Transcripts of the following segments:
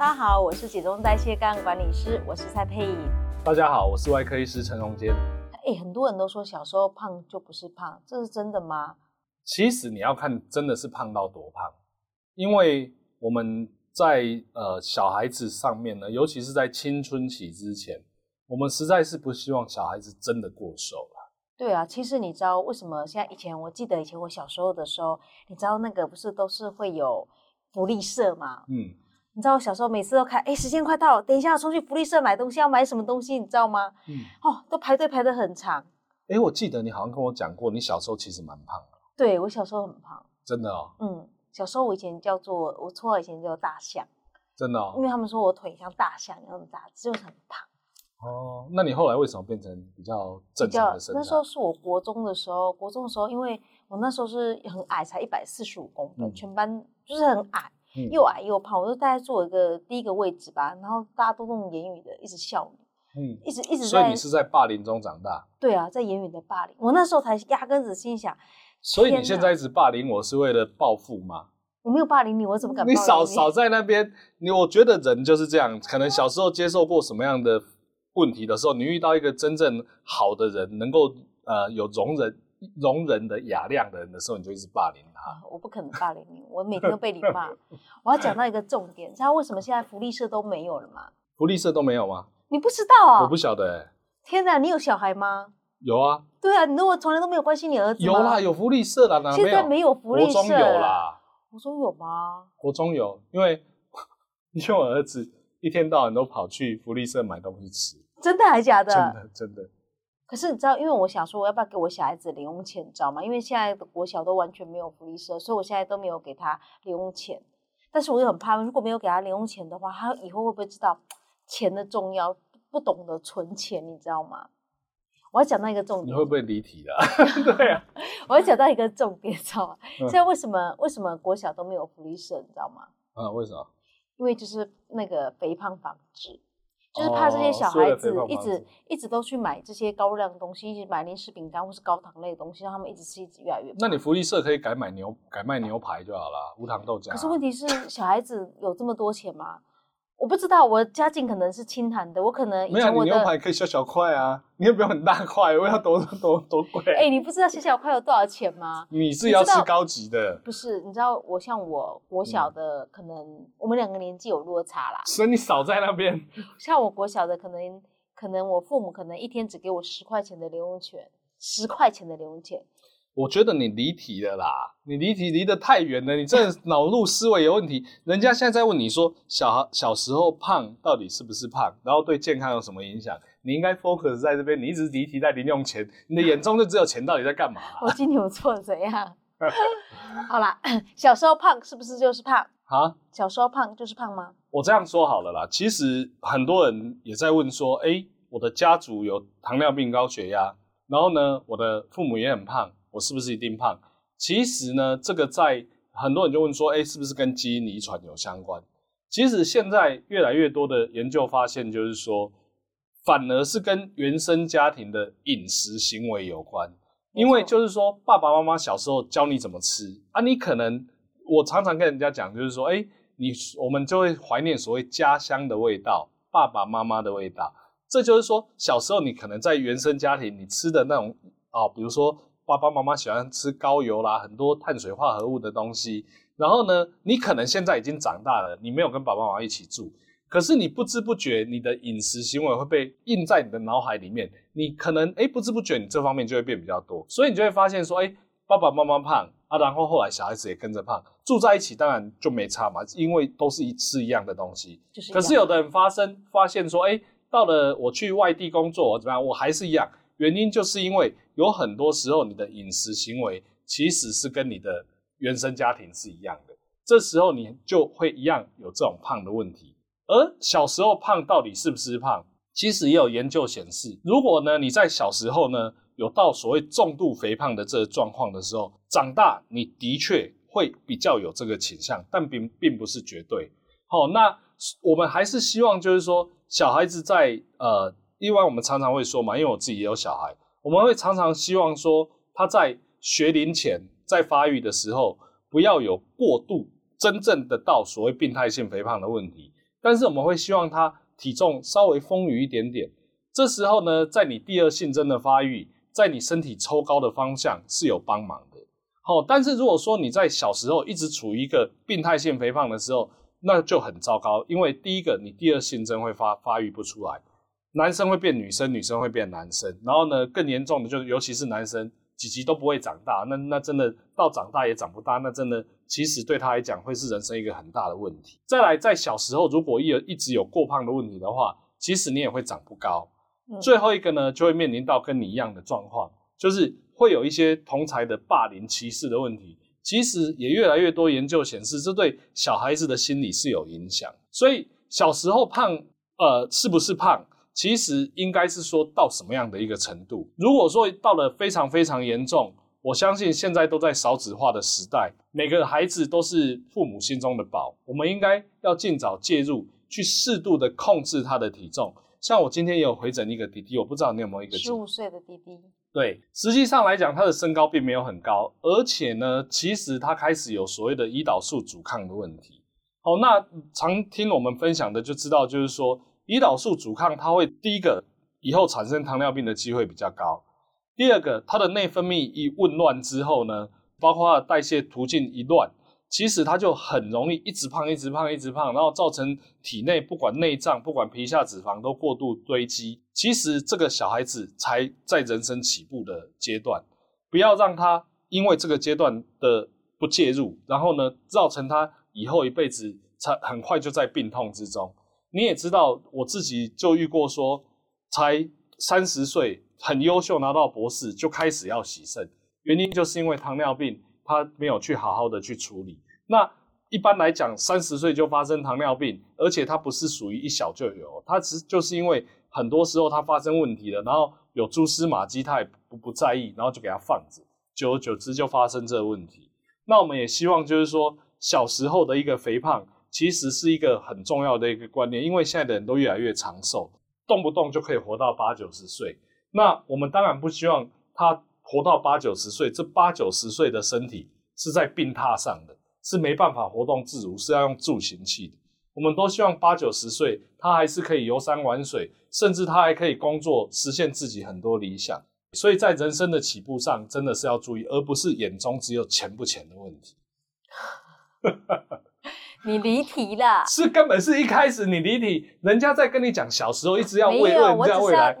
大家好，我是體重代謝個案管理師，我是蔡沛穎。大家好，我是外科醫師陳榮堅。誒、欸、很多人都說小時候胖就不是胖，這是真的嗎？其實你要看真的是胖到多胖，因為我們在呃小孩子上面呢，尤其是在青春期之前，我們實在是不希望小孩子真的過瘦了。對啊，其實你知道為什麼現在以前，我記得以前我小時候的時候，你知道那個不是都是會有福利社嗎？嗯。你知道我小時候每次都看，哎、欸，時間快到了，等一下，要出去福利社買東西，要買什麼東西？你知道嗎？嗯，哦，都排隊排得很長。哎、欸，我記得你好像跟我講過，你小時候其實蠻胖的。對，我小時候很胖。真的哦。嗯，小時候我以前叫做我初二以前叫大象。真的哦。因為他們說我腿像大象一樣大，只有很胖。哦，那你後來為什麼變成比較正常的身材？那時候是我國中的時候，國中的時候，因為我那時候是很矮，才一百四十五公分，嗯、全班就是很矮。又矮又胖，我就大概坐一個第一個位置吧，然後大家都用言語的一直笑你，嗯，一直一直在，所以你是在霸凌中長大？對啊，在言語的霸凌，我那時候才壓根子心想，所以你現在一直霸凌我是為了報復嗎？我沒有霸凌你，我怎麼敢報復你？你少少在那邊，我覺得人就是這樣，可能小時候接受過什麼樣的問題的時候，你遇到一個真正好的人，能夠呃有容忍。容忍的雅量的人的時候，你就一直霸凌他。嗯。我不可能霸凌你，我每天都被你罵。 我要講到一個重點，你知道為什麼現在福利社都沒有了嗎？福利社都沒有嗎？你不知道啊？我不曉得哎，欸。天哪，你有小孩嗎？有啊。對啊，你如果從來都沒有關心你兒子，有啦，有福利社啦，現在沒有福利社啦。國中有啦。國中有嗎？國中有，因為因為我兒子一天到晚都跑去福利社買東西吃。真的還是假的？真的，真的。可是你知道，因為我想說，我要不要給我小孩子零用錢，你知道嗎？因為現在的國小都完全沒有福利社，所以我現在都沒有給他零用錢。但是我就很怕，如果沒有給他零用錢的話，他以後會不會知道錢的重要，不懂得存錢？你知道嗎？我要講到一個重點，你會不會離題的啊？ 對呀、啊。 我要講到一個重點，知道嗎？現在對為什麼為什麼國小都沒有福利社？你知道嗎？啊，為什麼？因為就是那個肥胖防治。就是怕這些小孩子一直、哦、子一直一直都去買這些高熱量的東西，一直買零食、餅乾或是高糖類的東西，讓他們一直吃，一直越來越。那你福利社可以改買牛，改賣牛排就好了，無糖豆漿。可是問題是，小孩子有這麼多錢嗎？我不知道，我家境可能是清談的，我可能我沒有。你牛排可以削小,小塊啊，你又不要很大塊，我要多多多,多貴、啊。哎、欸，你不知道削小,小塊有多少錢嗎？你是要你吃高級的？不是，你知道我像我國小的，可能我們兩個年紀有落差啦，所以你少在那邊。像我國小的，可能可能我父母可能一天只給我十塊錢的零用錢，十,十塊錢的零用錢。我覺得你離題了啦！你離題離得太遠了，你這腦路思維有問題。人家現在在問你說，小孩小時候胖到底是不是胖，然後對健康有什麼影響？你應該 focus 在這邊。你一直離題在零用錢，你的眼中就只有錢，到底在幹嘛、啊？我今天我做的怎樣？ 好啦，小時候胖是不是就是胖？哈、啊，小時候胖就是胖嗎？我這樣說好了啦。其實很多人也在問說，哎、欸，我的家族有糖尿病、高血壓，然後呢，我的父母也很胖。我是不是一定胖？其實呢，這個在很多人就問說，誒，是不是跟基因遺傳有相關？其實現在越來越多的研究發現，就是說，反而是跟原生家庭的飲食行為有關。因為就是說，爸爸媽媽小時候教你怎麼吃啊，你可能我常常跟人家講，就是說，誒，你我們就會懷念所謂家鄉的味道，爸爸媽媽的味道。這就是說，小時候你可能在原生家庭你吃的那種啊，比如說。爸爸媽媽喜歡吃高油啦，很多碳水化合物的東西。然後呢，你可能現在已經長大了，你沒有跟爸爸媽媽一起住，可是你不知不覺，你的飲食行為會被印在你的腦海裡面。你可能哎、欸，不知不覺你這方面就會變比較多，所以你就會發現說，哎、欸，爸爸媽媽胖啊，然後後來小孩子也跟着胖。住在一起當然就沒差嘛，因為都是一吃一樣的東西。是可是有的人發生發現說，哎、欸，到了我去外地工作，怎麼樣，我還是一樣。原因就是因為有很多時候你的飲食行為其實是跟你的原生家庭是一樣的，這時候你就會一樣有這種胖的問題。而小時候胖到底是不是胖，其實也有研究顯示，如果呢你在小時候呢有到所謂重度肥胖的這個狀況的時候，長大你的確會比較有這個傾向，但並並不是絕對。好、哦，那我們還是希望就是說小孩子在呃。另外，我們常常會說嘛，因為我自己也有小孩，我們會常常希望說，他在學齡前在發育的時候，不要有過度真正的到所謂病態性肥胖的問題。但是我們會希望他體重稍微豐腴一點點。這時候呢，在你第二性徵的發育，在你身體抽高的方向是有幫忙的。好、哦，但是如果說你在小時候一直處於一個病態性肥胖的時候，那就很糟糕，因為第一個，你第二性徵會發發育不出來。男生會變女生，女生會變男生，然後呢，更嚴重的就是，尤其是男生，雞雞都不會長大。那那真的到長大也長不大，那真的其實對他來講會是人生一個很大的問題。再來，在小時候，如果一有一直有過胖的問題的話，其實你也會長不高。嗯、最後一個呢，就會面臨到跟你一樣的狀況，就是會有一些同儕的霸凌歧視的問題。其實也越來越多研究顯示，這對小孩子的心理是有影響。所以小時候胖，呃，是不是胖？其實應該是說到什麼樣的一個程度？如果說到了非常非常嚴重，我相信現在都在少子化的時代，每個孩子都是父母心中的寶，我們應該要盡早介入，去適度的控制他的體重。像我今天也有回診一個弟弟，我不知道你有沒有一個十五歲的弟弟？對，實際上來講，他的身高並沒有很高，而且呢，其實他開始有所謂的胰島素阻抗的問題。好，那常聽我們分享的就知道，就是說。胰島素阻抗，它會第一個以後產生糖尿病的機會比較高；第二個，它的內分泌一紊亂之後呢，包括它的代謝途徑一亂，其實它就很容易一直胖、一直胖、一直胖，然後造成體內不管內臟、不管皮下脂肪都過度堆積。其實這個小孩子才在人生起步的階段，不要讓他因為這個階段的不介入，然後呢，造成他以後一輩子才很快就在病痛之中。你也知道，我自己就遇過說，才三十歲，很優秀，拿到博士就開始要洗腎，原因就是因為糖尿病，他沒有去好好的去處理。那一般來講，三十歲就發生糖尿病，而且他不是屬於一小就有，他其實就是因為很多時候他發生問題了，然後有蛛絲馬跡他也不不在意，然後就給他放着，久而久之就發生這個問題。那我們也希望就是說，小時候的一個肥胖，其實是一個很重要的一個觀念，因為現在的人都越來越長壽，動不動就可以活到八九十歲。那我們當然不希望他活到八九十歲，這八九十歲的身體是在病榻上的，是沒辦法活動自如，是要用助行器的。我們都希望八九十歲他還是可以遊山玩水，甚至他還可以工作，實現自己很多理想。所以在人生的起步上，真的是要注意，而不是眼中只有錢不錢的問題。 你離題了，是根本是一開始你離題，人家在跟你講小時候一直要為惡，你知、啊、為人家未來？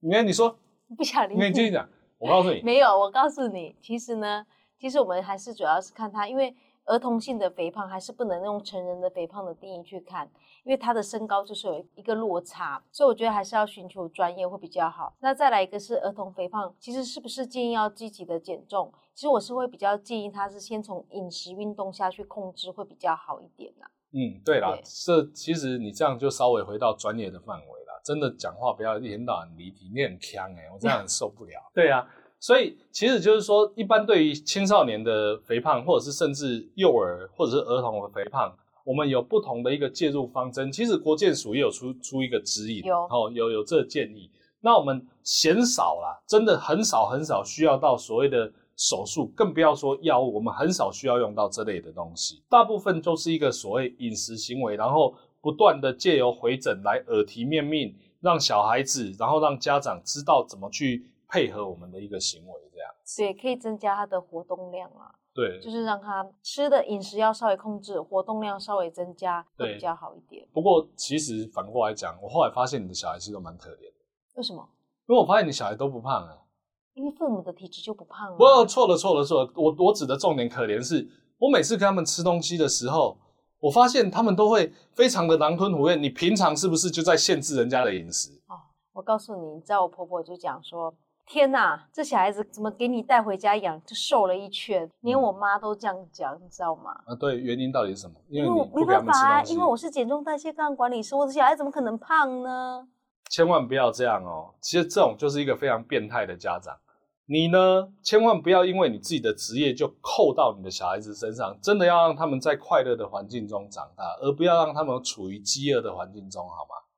你看你說不想離，你繼續講，我告訴你， 沒有，我告訴你，其實呢，其實我們還是主要是看他，因為。兒童性的肥胖還是不能用成人的肥胖的定義去看，因為他的身高就是有一個落差，所以我覺得還是要尋求專業會比較好。那再來一個是兒童肥胖，其實是不是建議要積極的減重？其實我是會比較建議他是先從飲食運動下去控制會比較好一點呢、啊。嗯，對啦，對，這其實你這樣就稍微回到專業的範圍了，真的講話不要一天到晚離題，你很嗆哎、欸，我這樣受不了。嗯、對啊。所以，其實就是說，一般對於青少年的肥胖，或者是甚至幼兒或者是兒童的肥胖，我們有不同的一個介入方針。其實國健署也有出出一個指引，有哦，有有這個建議。那我們鮮少啦，真的很少很少需要到所謂的手術，更不要說藥物，我們很少需要用到這類的東西。大部分都是一個所謂飲食行為，然後不斷的借由回診來耳提面命，讓小孩子，然後讓家長知道怎麼去，配合我們的一個行為，這樣對，可以增加他的活動量啊。對，就是讓他吃的飲食要稍微控制，活動量稍微增加，對，會比較好一點。不過其實反過來講，我後來發現你的小孩其實都蠻可憐的。為什麼？因為我發現你小孩都不胖啊。因為父母的體質就不胖啊。不錯了。不，錯了錯了錯了！我我指的重點可憐是，我每次跟他們吃東西的時候，我發現他們都會非常的狼吞虎咽。你平常是不是就在限制人家的飲食？哦，我告訴你，你知道我婆婆就講說。天哪，這小孩子怎麼給你帶回家養就瘦了一圈，連我媽都這樣講，你知道嗎？嗯、啊，對，原因到底是什麼？因為你不給他們吃東西。因為我沒辦法、啊，因為我是減重代謝個管理師，我的小孩怎麼可能胖呢？千萬不要這樣哦，其實這種就是一個非常變態的家長。你呢，千萬不要因為你自己的職業就扣到你的小孩子身上，真的要讓他們在快樂的環境中長大，而不要讓他們處於飢餓的環境中，好嗎？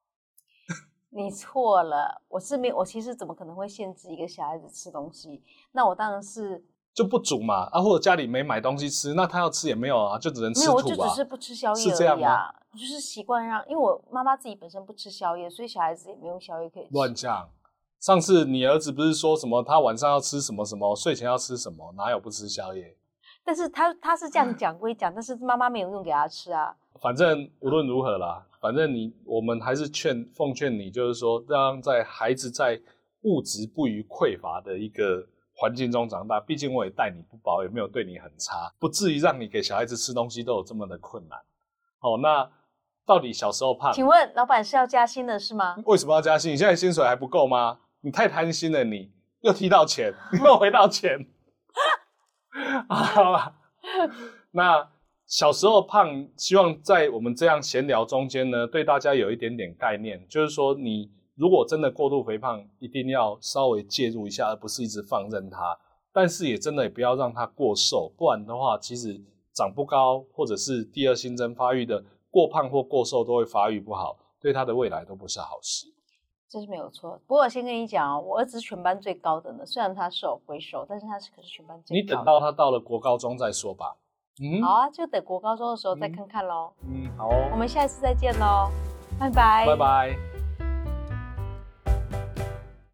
你錯了，我是沒有，我其實怎麼可能會限制一個小孩子吃東西？那我當然是就不煮嘛，啊，或者家裡沒買東西吃，那他要吃也沒有啊，就只能吃土。沒有，我就只是不吃宵夜而已啊，是就是習慣讓，因為我媽媽自己本身不吃宵夜，所以小孩子也沒有宵夜可以吃。亂講，上次你兒子不是說什麼，他晚上要吃什麼什麼，睡前要吃什麼，哪有不吃宵夜？但是他他是這樣講歸講， 但是媽媽沒有用給他吃啊。反正無論如何啦，反正你我們還是勸奉勸你，就是說讓在孩子在物質不虞匱乏的一個環境中長大。畢竟我也待你不薄，也沒有對你很差，不至於讓你給小孩子吃東西都有這麼的困難。哦，那到底小時候胖，請問老闆是要加薪的是嗎？為什麼要加薪？你現在薪水還不夠嗎？你太貪心了你，你又提到錢，你沒有回到錢。 啊， 那小時候胖，希望在我們這樣閒聊中間呢，對大家有一點點概念，就是說你如果真的過度肥胖，一定要稍微介入一下，而不是一直放任它。但是也真的也不要讓它過瘦，不然的話，其實長不高，或者是第二性徵發育的過胖或過瘦都會發育不好，對它的未來都不是好事。這是沒有錯，不過我先跟你講哦，我兒子是全班最高的呢。雖然他是有回手，但是他是可是全班最高的。你等到他到了國高中再說吧。嗯，好啊，就等國高中的時候再看看嘍、嗯。嗯，好、哦。我們下一次再見嘍，拜拜。拜拜。